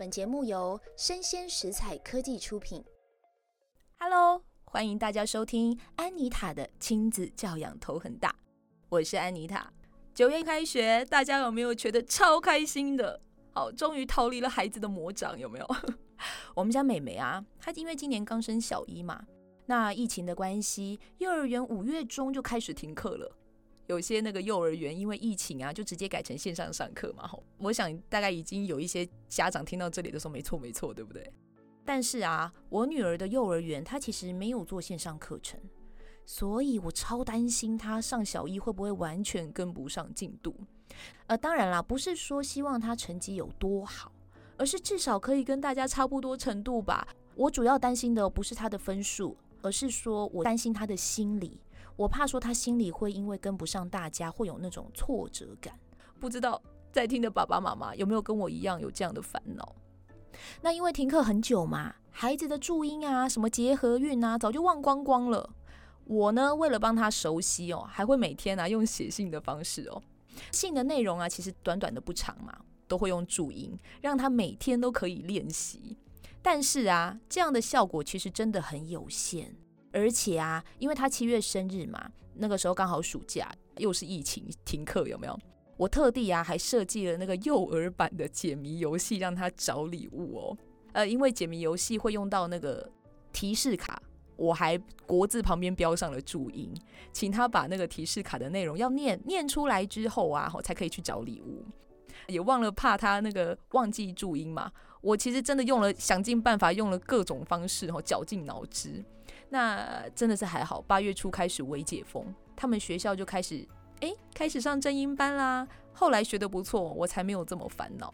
本節目由聲鮮時采科技出品。Hello，歡迎大家收聽安妮塔的親子教養頭很大》，我是安妮塔。九月開學，大家有沒有覺得超開心的？好，終於逃離了孩子的魔掌，有沒有？ 我們家美美啊，她因為今年剛升小一嘛，那疫情的關係，幼兒園五月中就開始停課了。有些那個幼兒園因為疫情啊，就直接改成線上上課嘛。我想大概已經有一些家長聽到這裡的時候，沒錯沒錯，對不對？但是啊，我女兒的幼兒園她其實沒有做線上課程，所以我超擔心她上小一會不會完全跟不上進度。呃，當然啦，不是說希望她成績有多好，而是至少可以跟大家差不多程度吧。我主要擔心的不是她的分數，而是說我擔心她的心理。我怕說他心裡會因為跟不上大家，會有那種挫折感。不知道在聽的爸爸媽媽有沒有跟我一樣有這樣的煩惱？那因為停課很久嘛，孩子的注音啊、什麼結合韻啊，早就忘光光了。我呢，為了幫他熟悉哦，還會每天啊用寫信的方式哦，信的內容啊其實短短的不長嘛，都會用注音，讓他每天都可以練習。但是啊，這樣的效果其實真的很有限。而且啊，因為他七月生日嘛，那個時候剛好暑假，又是疫情停課，有沒有？我特地啊，還設計了那個幼兒版的解謎遊戲，讓他找禮物哦。呃，因為解謎遊戲會用到那個提示卡，我還國字旁邊標上了注音，請他把那個提示卡的內容要念念出來之後啊，才可以去找禮物。也忘了怕他那個忘記注音嘛，我其實真的用了想盡辦法，用了各種方式，然後絞盡腦汁。那真的是還好，八月初開始微解封，他們學校就開始，哎、欸，開始上正音班啦。後來學得不錯，我才沒有這麼煩惱。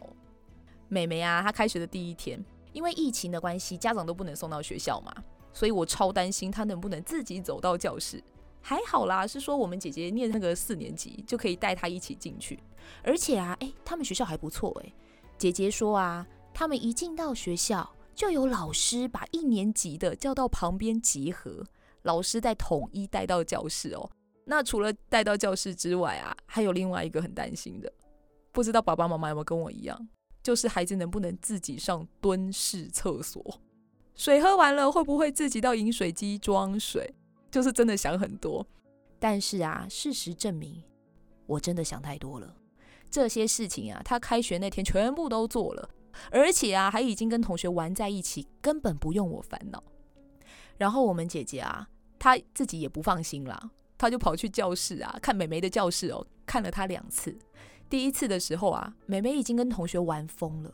妹妹啊，她開學的第一天，因為疫情的關係，家長都不能送到學校嘛，所以我超擔心她能不能自己走到教室。還好啦，是說我們姐姐念那個四年級，就可以帶她一起進去。而且啊，哎、欸，他們學校還不錯欸。姐姐說啊，他們一進到學校。就有老師把一年級的叫到旁邊集合，老師再統一帶到教室哦。那除了帶到教室之外啊，還有另外一個很擔心的，不知道爸爸媽媽有沒有跟我一樣，就是孩子能不能自己上蹲式廁所，水喝完了會不會自己到飲水機裝水，就是真的想很多。但是啊，事實證明，我真的想太多了。這些事情啊，他開學那天全部都做了。而且啊，還已經跟同學玩在一起，根本不用我煩惱。然後我們姐姐啊，她自己也不放心啦，她就跑去教室啊，看美眉的教室哦，看了她兩次。第一次的時候啊，美眉已經跟同學玩瘋了。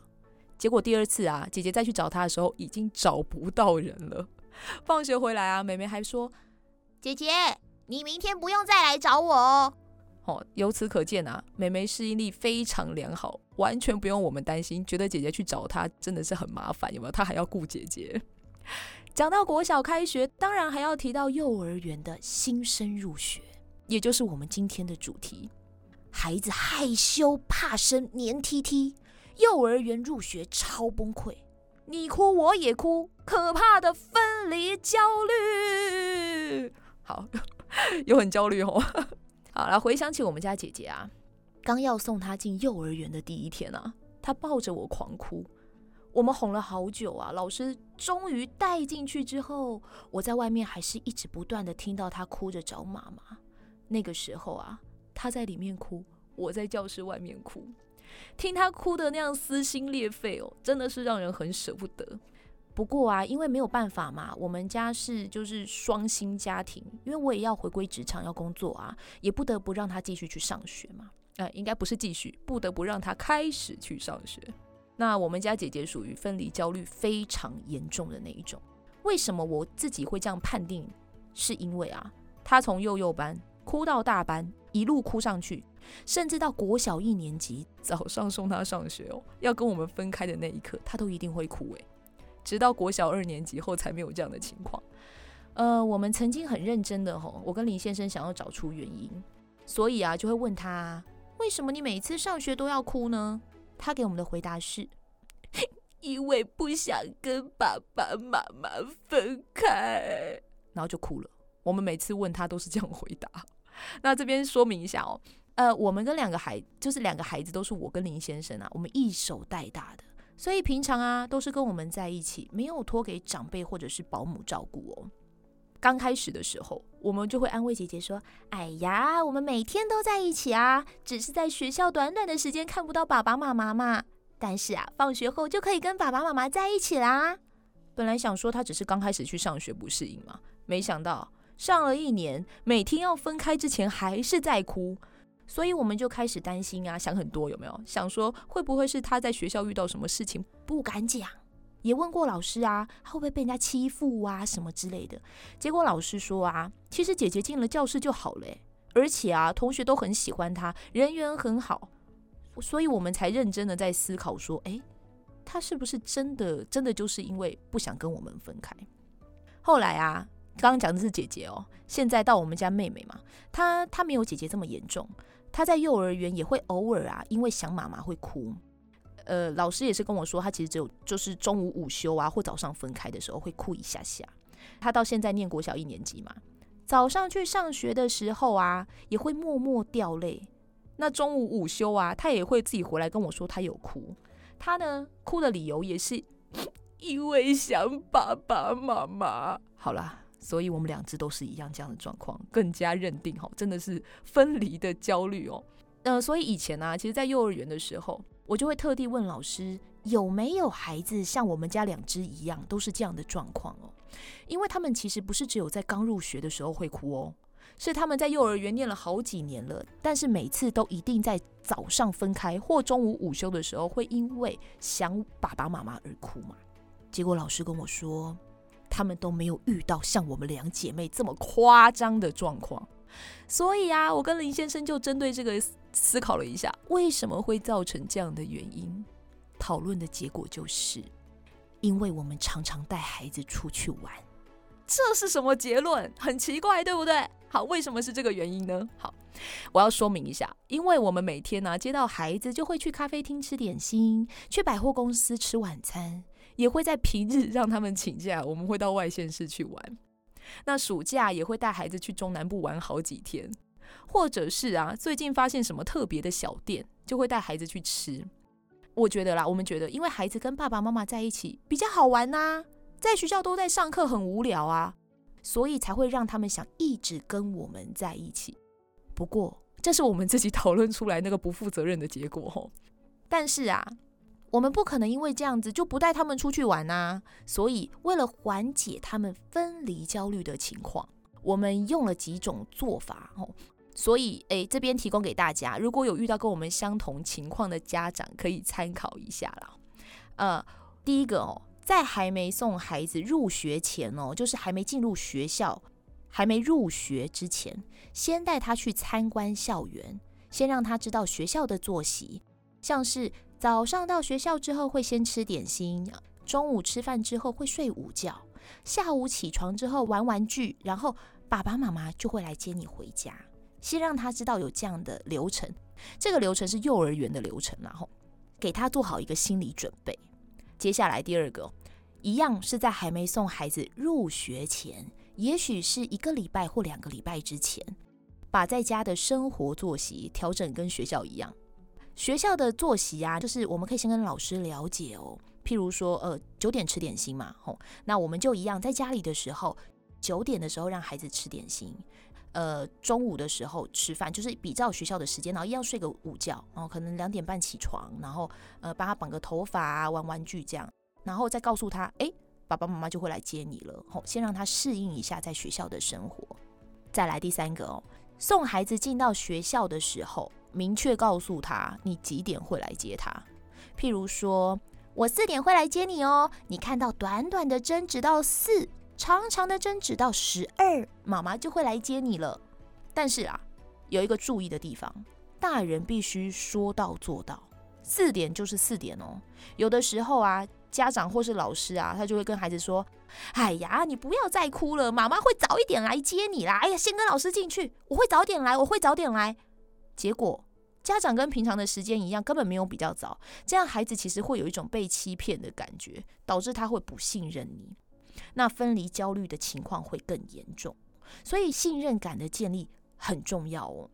結果第二次啊，姐姐再去找她的時候，已經找不到人了。放學回來啊，美眉還說：“姐姐，你明天不用再來找我哦。”哦，由此可見啊，妹妹適應力非常良好，完全不用我們擔心。覺得姐姐去找她真的是很麻煩，有沒有？她還要顧姐姐。講到國小開學，當然還要提到幼兒園的新生入學，也就是我們今天的主題：孩子害羞、怕生黏踢踢，幼兒園入學超崩潰，你哭我也哭，可怕的分離焦慮。好，又很焦慮哦。好了，回想起我們家姐姐啊，剛要送她進幼兒園的第一天啊，她抱着我狂哭，我們哄了好久啊，老師終於帶進去之後，我在外面還是一直不斷地聽到她哭着找媽媽。那個時候啊，她在裡面哭，我在教室外面哭，聽她哭得那樣撕心裂肺哦，真的是讓人很捨不得。不過啊，因為沒有辦法嘛，我們家是就是雙薪家庭，因為我也要回歸職場，要工作啊，也不得不讓他繼續去上學嘛。哎、呃，應該不是繼續，不得不讓他開始去上學。那我們家姐姐屬於分離焦慮非常嚴重的那一種。為什麼我自己會這樣判定？是因為啊，她從幼幼班，哭到大班，一路哭上去，甚至到國小一年級，早上送她上學哦，要跟我們分開的那一刻，她都一定會哭誒、欸。直到國小二年級後才沒有這樣的情況，呃，我們曾經很認真的吼，我跟林先生想要找出原因，所以啊，就會問他為什麼你每次上學都要哭呢？他給我們的回答是，因 為不想跟爸爸媽媽分開，然後就哭了。我們每次問他都是這樣回答。那這邊說明一下哦，呃，我們跟兩個孩，就是兩個孩子都是我跟林先生啊，我們一手帶大的。所以平常啊，都是跟我們在一起，沒有托給長輩或者是保姆照顧哦。剛開始的時候，我們就會安慰姐姐說：“哎呀，我們每天都在一起啊，只是在學校短短的時間看不到爸爸媽媽嘛。但是啊，放學後就可以跟爸爸媽媽在一起啦。”本來想說她只是剛開始去上學不適應嘛，沒想到上了一年，每天要分開之前還是在哭。所以我們就開始擔心啊，想很多，有沒有想說會不會是他在學校遇到什麼事情不敢講，也問過老師啊，會不會被人家欺負啊什麼之類的？結果老師說啊，其實姐姐進了教室就好了，而且啊，同學都很喜歡她，人緣很好，所以我們才認真的在思考說，哎，她是不是真的真的就是因為不想跟我們分開？後來啊，剛剛講的是姐姐哦，現在到我們家妹妹嘛，她她沒有姐姐這麼嚴重。他在幼兒園也會偶爾啊，因為想媽媽會哭，呃，老師也是跟我說，他其實只有就是中午午休啊，或早上分開的時候會哭一下下。他到現在念國小一年級嘛，早上去上學的時候啊，也會默默掉淚。那中午午休啊，他也會自己回來跟我說他有哭。他呢，哭的理由也是因為想爸爸媽媽。好了。所以，我們兩隻都是一樣這樣的狀況，更加認定哈，真的是分離的焦慮哦。嗯、呃，所以以前呢、啊，其實，在幼兒園的時候，我就會特地問老師，有沒有孩子像我們家兩隻一樣，都是這樣的狀況哦？因為他們其實不是只有在剛入學的時候會哭哦，是他們在幼兒園念了好幾年了，但是每次都一定在早上分開或中午午休的時候，會因為想爸爸媽媽而哭嘛。結果老師跟我說。他們都沒有遇到像我們兩姐妹這麼誇張的狀況，所以啊，我跟林先生就針對這個思考了一下，為什麼會造成這樣的原因？討論的結果就是，因為我們常常帶孩子出去玩。這是什麼結論？很奇怪，對不對？好，為什麼是這個原因呢？好，我要說明一下，因為我們每天呢、啊、接到孩子，就會去咖啡廳吃點心，去百貨公司吃晚餐。也會在平日讓他們請假，我們會到外縣市去玩。那暑假也會帶孩子去中南部玩好幾天，或者是啊，最近發現什麼特別的小店，就會帶孩子去吃。我覺得啦，我們覺得，因為孩子跟爸爸媽媽在一起比較好玩吶、啊，在學校都在上課很無聊啊，所以才會讓他們想一直跟我們在一起。不過這是我們自己討論出來那個不負責任的結果。但是啊。我們不可能因為這樣子就不帶他們出去玩吶、啊，所以為了緩解他們分離焦慮的情況，我們用了幾種做法哦。所以，誒，這邊提供給大家，如果有遇到跟我們相同情況的家長，可以參考一下啦。呃，第一個哦，在還沒送孩子入學前哦，就是還沒進入學校、還沒入學之前，先帶他去參觀校園，先讓他知道學校的作息。像是早上到學校之後會先吃點心，中午吃飯之後會睡午覺，下午起床之後玩玩具，然後爸爸媽媽就會來接你回家。先讓他知道有這樣的流程，這個流程是幼兒園的流程，然後給他做好一個心理準備。接下來第二個，一樣是在還沒送孩子入學前，也許是一個禮拜或兩個禮拜之前，把在家的生活作息調整跟學校一樣。學校的作息啊，就是我們可以先跟老師了解哦。譬如說，呃，九點吃點心嘛，吼，那我們就一樣，在家裡的時候，九點的時候讓孩子吃點心，呃，中午的時候吃飯，就是比照學校的時間，然後一樣睡個午覺，然後可能兩點半起床，然後呃，幫他綁個頭髮啊，玩玩具這樣，然後再告訴他，誒，爸爸媽媽就會來接你了，吼，先讓他適應一下在學校的生活。再來第三個哦，送孩子進到學校的時候。明確告訴他你幾點會來接他，譬如說，我四點會來接你哦。你看到短短的針指到四，長長的針指到十二，媽媽就會來接你了。但是啊，有一個注意的地方，大人必須說到做到，四點就是四點哦。有的時候啊，家長或是老師啊，他就會跟孩子說：“哎呀，你不要再哭了，媽媽會早一點來接你啦。”哎呀，先跟老師進去，我會早點來，我會早點來。結果家長跟平常的時間一樣，根本沒有比較早，這樣孩子其實會有一種被欺騙的感覺，導致他會不信任你，那分離焦慮的情況會更嚴重。所以信任感的建立很重要哦。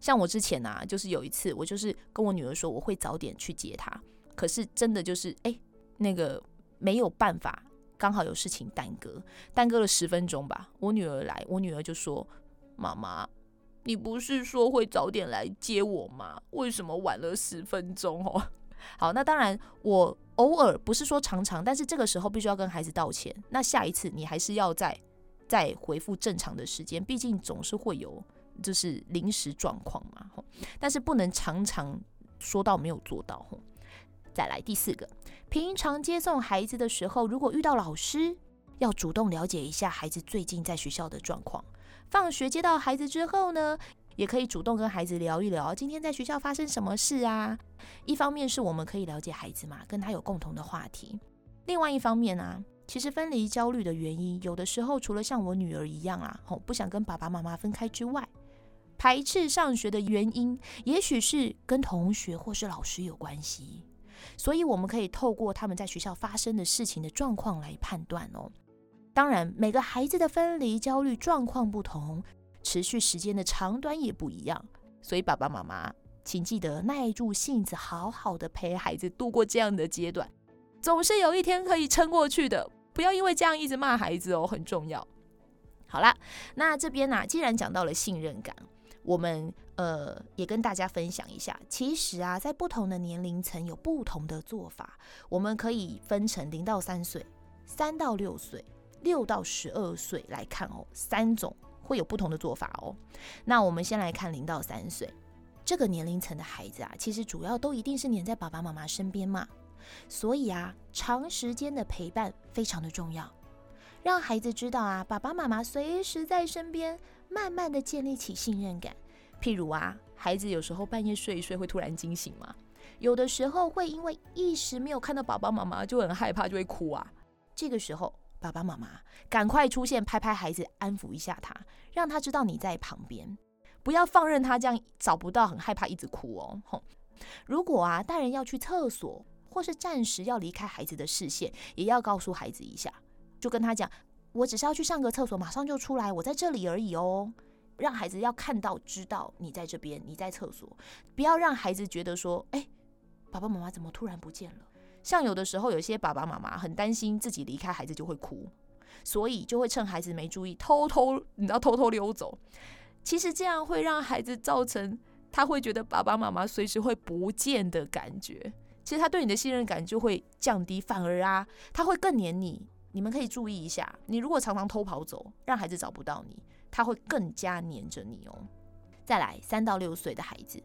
像我之前吶，就是有一次，我就是跟我女兒說我會早點去接她，可是真的就是哎，那個沒有辦法，剛好有事情耽擱，耽擱了十分鐘吧。我女兒來，我女兒就說媽媽。你不是說會早點來接我嗎？為什麼晚了十分鐘？哦， 好，那當然，我偶爾不是說常常，但是這個時候必須要跟孩子道歉。那下一次你還是要再再恢復正常的時間，畢竟總是會有就是臨時狀況嘛。但是不能常常說到沒有做到。再來第四個，平常接送孩子的時候，如果遇到老師，要主動了解一下孩子最近在學校的狀況。放學接到孩子之後呢，也可以主動跟孩子聊一聊，今天在學校發生什麼事啊？一方面是我們可以了解孩子嘛，跟他有共同的話題；另外一方面啊，其實分離焦慮的原因，有的時候除了像我女兒一樣啊，不想跟爸爸媽媽分開之外，排斥上學的原因，也許是跟同學或是老師有關係，所以我們可以透過他們在學校發生的事情的狀況來判斷哦。當然，每個孩子的分離焦慮狀況不同，持續時間的長短也不一樣。所以爸爸媽媽，請記得耐住性子，好好的陪孩子度過這樣的階段，總是有一天可以撐過去的。不要因為這樣一直罵孩子哦，很重要。好了，那這邊呢，啊，既然講到了信任感，我們呃也跟大家分享一下。其實啊，在不同的年齡層有不同的做法，我們可以分成零到三歲，三到六歲。六到十二歲來看哦，三種會有不同的做法哦。那我們先來看零到三歲這個年齡層的孩子啊，其實主要都一定是黏在爸爸媽媽身邊嘛，所以啊，長時間的陪伴非常的重要，讓孩子知道啊，爸爸媽媽隨時在身邊，慢慢的建立起信任感。譬如啊，孩子有時候半夜睡一睡會突然驚醒嘛，有的時候會因為一時沒有看到爸爸媽媽就很害怕，就會哭啊，這個時候。爸爸媽媽，趕快出現，拍拍孩子，安撫一下他，讓他知道你在旁邊，不要放任他這樣找不到，很害怕，一直哭哦，哼。如果啊，大人要去廁所，或是暫時要離開孩子的視線，也要告訴孩子一下，就跟他講，我只是要去上個廁所，馬上就出來，我在這裡而已哦。讓孩子要看到，知道你在這邊，你在廁所，不要讓孩子覺得說，哎、欸，爸爸媽媽怎麼突然不見了？像有的時候，有些爸爸媽媽很擔心自己離開孩子就會哭，所以就會趁孩子沒注意偷偷，你知道，偷偷溜走。其實這樣會讓孩子造成他會覺得爸爸媽媽隨時會不見的感覺，其實他對你的信任感就會降低，反而啊，他會更黏你。你們可以注意一下，你如果常常偷跑走，讓孩子找不到你，他會更加黏着你哦。再來，三到六歲的孩子。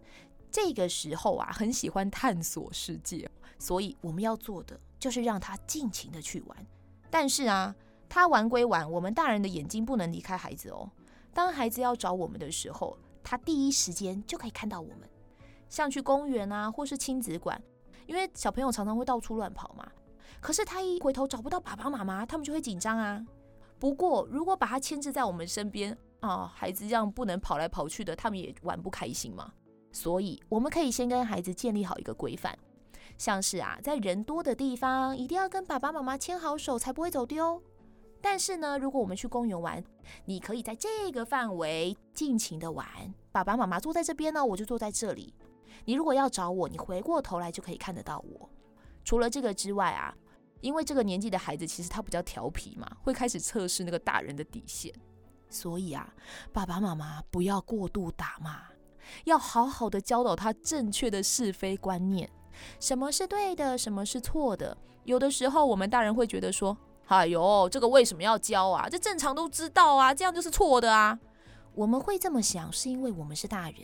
這個時候啊，很喜歡探索世界，所以我們要做的就是讓他盡情的去玩。但是啊，他玩歸玩，我們大人的眼睛不能離開孩子哦。當孩子要找我們的時候，他第一時間就可以看到我們。像去公園啊，或是親子館，因為小朋友常常會到處亂跑嘛。可是他一回頭找不到爸爸媽媽，他們就會緊張啊。不過如果把他牽制在我們身邊啊，孩子這樣不能跑來跑去的，他們也玩不開心嘛。所以我們可以先跟孩子建立好一個規範，像是啊，在人多的地方一定要跟爸爸媽媽牽好手，才不會走丟。但是呢，如果我們去公園玩，你可以在這個範圍盡情的玩。爸爸媽媽坐在這邊呢，我就坐在這裡。你如果要找我，你回過頭來就可以看得到我。除了這個之外啊，因為這個年紀的孩子其實他比較調皮嘛，會開始測試那個大人的底線。所以啊，爸爸媽媽不要過度打罵。要好好的教導他正確的是非觀念，什麼是對的，什麼是錯的。有的時候我們大人會覺得說：“哎呦，這個為什麼要教啊？這正常都知道啊，這樣就是錯的啊。”我們會這麼想，是因為我們是大人，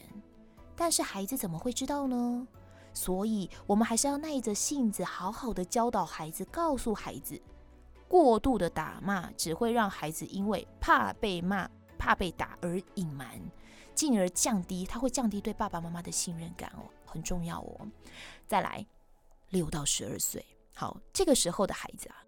但是孩子怎麼會知道呢？所以我們還是要耐着性子，好好的教導孩子，告訴孩子，過度的打罵只會讓孩子因為怕被罵、怕被打而隱瞞。進而降低，他會降低對爸爸媽媽的信任感哦，很重要哦。再來，六到十二歲，好，這個時候的孩子啊，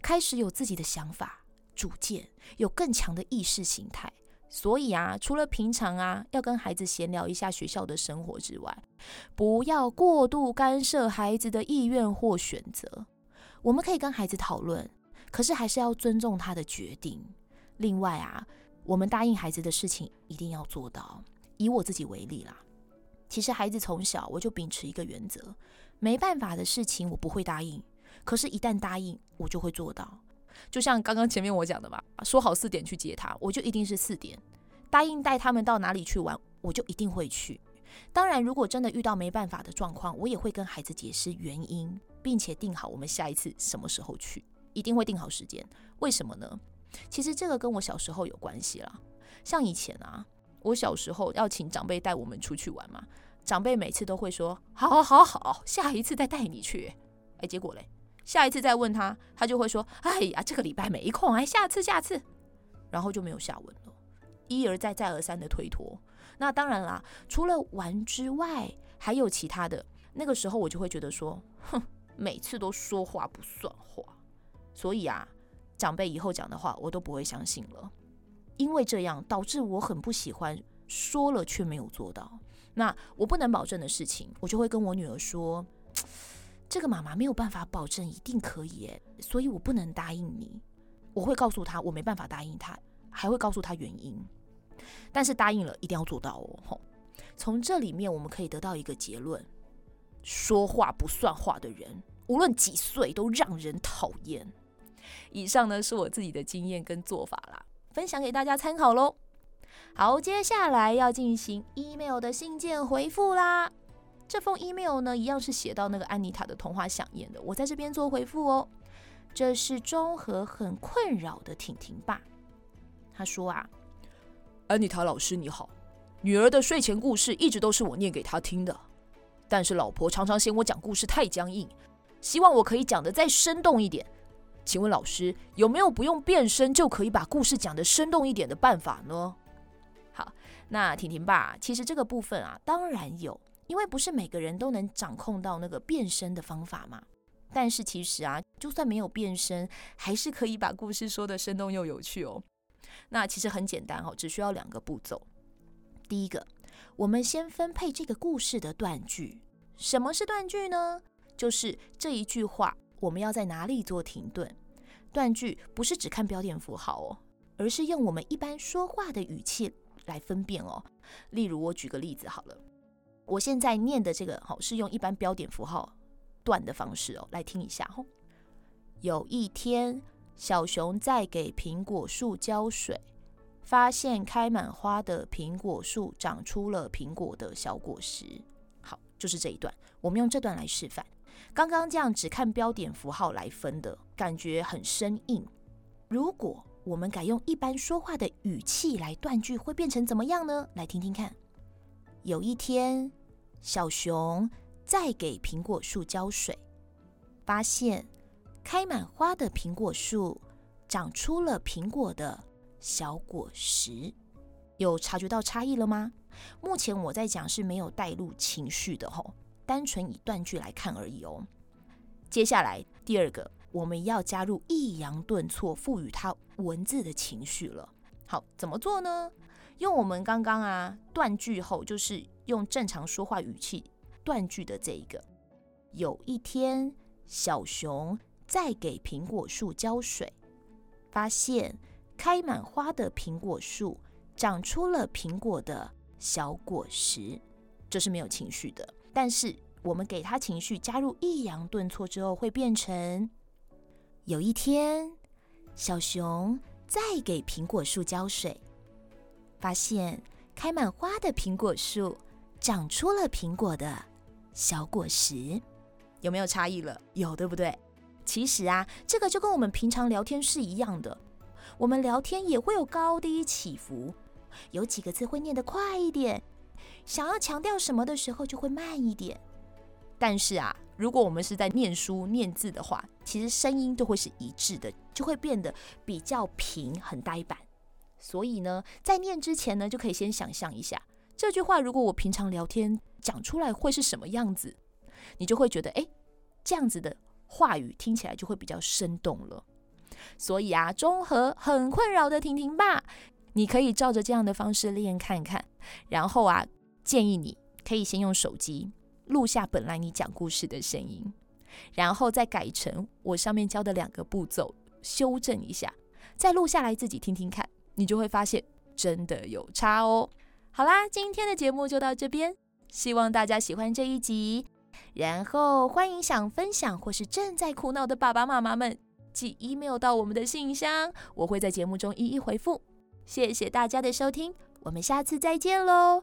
開始有自己的想法、主見，有更強的意識形態。所以啊，除了平常啊要跟孩子閒聊一下學校的生活之外，不要過度干涉孩子的意願或選擇。我們可以跟孩子討論，可是還是要尊重他的決定。另外啊。我們答應孩子的事情一定要做到。以我自己為例啦，其實孩子從小我就秉持一個原則：沒辦法的事情我不會答應，可是，一旦答應我就會做到。就像剛剛前面我講的吧，說好四點去接他，我就一定是四點；答應帶他們到哪裡去玩，我就一定會去。當然，如果真的遇到沒辦法的狀況，我也會跟孩子解釋原因，並且定好我們下一次什麼時候去，一定會定好時間。為什麼呢？其實這個跟我小時候有關係了，像以前啊，我小時候要請長輩帶我們出去玩嘛，長輩每次都會說好，好，好，下一次再帶你去。哎，結果嘞，下一次再問他，他就會說，哎呀，這個禮拜沒空，哎，下次，下次，然後就沒有下文了，一而再，再而三的推脫。那當然啦，除了玩之外，還有其他的。那個時候我就會覺得說，哼，每次都說話不算話，所以啊。長輩以後講的話，我都不會相信了，因為這樣導致我很不喜歡說了卻沒有做到。那我不能保證的事情，我就會跟我女兒說，這個媽媽沒有辦法保證一定可以，欸，所以我不能答應你。我會告訴她我沒辦法答應她，還會告訴她原因。但是答應了一定要做到哦。從這裡面我們可以得到一個結論：說話不算話的人，無論幾歲都讓人討厭。以上呢，是我自己的經驗跟做法啦，分享給大家參考嘍。好，接下來要進行 email 的信件回復啦。這封 email 呢，一樣是寫到那個安妮塔的童話饗宴的。我在這邊做回復哦、喔。這是中和很困擾的婷婷爸，他說啊，安妮塔老師你好，女兒的睡前故事一直都是我念給她聽的，但是老婆常常嫌我講故事太僵硬，希望我可以講得再生動一點。請問老師有沒有不用變聲就可以把故事講得生動一點的辦法呢？好，那婷婷爸，其實這個部分啊，當然有，因為不是每個人都能掌控到那個變聲的方法嘛。但是其實啊，就算沒有變聲，還是可以把故事說得生動又有趣哦。那其實很簡單哈、哦，只需要兩個步驟。第一個，我們先分配這個故事的斷句。什麼是斷句呢？就是這一句話。我們要在哪裡做停頓、斷句？不是只看標點符號哦，而是用我們一般說話的語氣來分辨哦。例如，我舉個例子好了，我現在念的這個吼是用一般標點符號斷的方式哦，來聽一下吼。有一天，小熊在給蘋果樹澆水，發現開滿花的蘋果樹長出了蘋果的小果實。好，就是這一段，我們用這段來示範。剛剛這樣只看標點符號來分的，感覺很生硬，如果我們改用一般說話的語氣來斷句，會變成怎麼樣呢？來聽聽看。有一天，小熊在給蘋果樹澆水，發現開滿花的蘋果樹長出了蘋果的小果實。有察覺到差異了嗎？目前我在講是沒有帶入情緒的吼、哦。單純以斷句來看而已哦。接下來第二個，我們要加入抑揚頓挫，賦予它文字的情緒了。好，怎麼做呢？用我們剛剛啊斷句後，就是用正常說話語氣斷句的這一個。有一天，小熊在給蘋果樹澆水，發現開滿花的蘋果樹長出了蘋果的小果實，這是沒有情緒的。但是我們給他情緒加入抑揚頓挫之後，會變成：有一天，小熊在給蘋果樹澆水，發現開滿花的蘋果樹長出了蘋果的小果實，有沒有差異了？有，對不對？其實啊，這個就跟我們平常聊天是一樣的，我們聊天也會有高低起伏，有幾個字會念得快一點。想要強調什麼的時候就會慢一點，但是啊，如果我們是在念書念字的話，其實聲音都會是一致的，就會變得比較平，很呆板。所以呢，在念之前呢，就可以先想象一下這句話，如果我平常聊天講出來會是什麼樣子，你就會覺得哎、欸，這樣子的話語聽起來就會比較生動了。所以啊，中和很困擾的婷婷爸，你可以照着這樣的方式練看看，然後啊。建議你可以先用手機錄下本來你講故事的聲音，然後再改成我上面教的兩個步驟，修正一下，再錄下來自己聽聽看，你就會發現真的有差哦。好啦，今天的節目就到這邊，希望大家喜歡這一集。然後歡迎想分享或是正在苦惱的爸爸媽媽們寄 email 到我們的信箱，我會在節目中一一回覆。謝謝大家的收聽，我們下次再見嘍。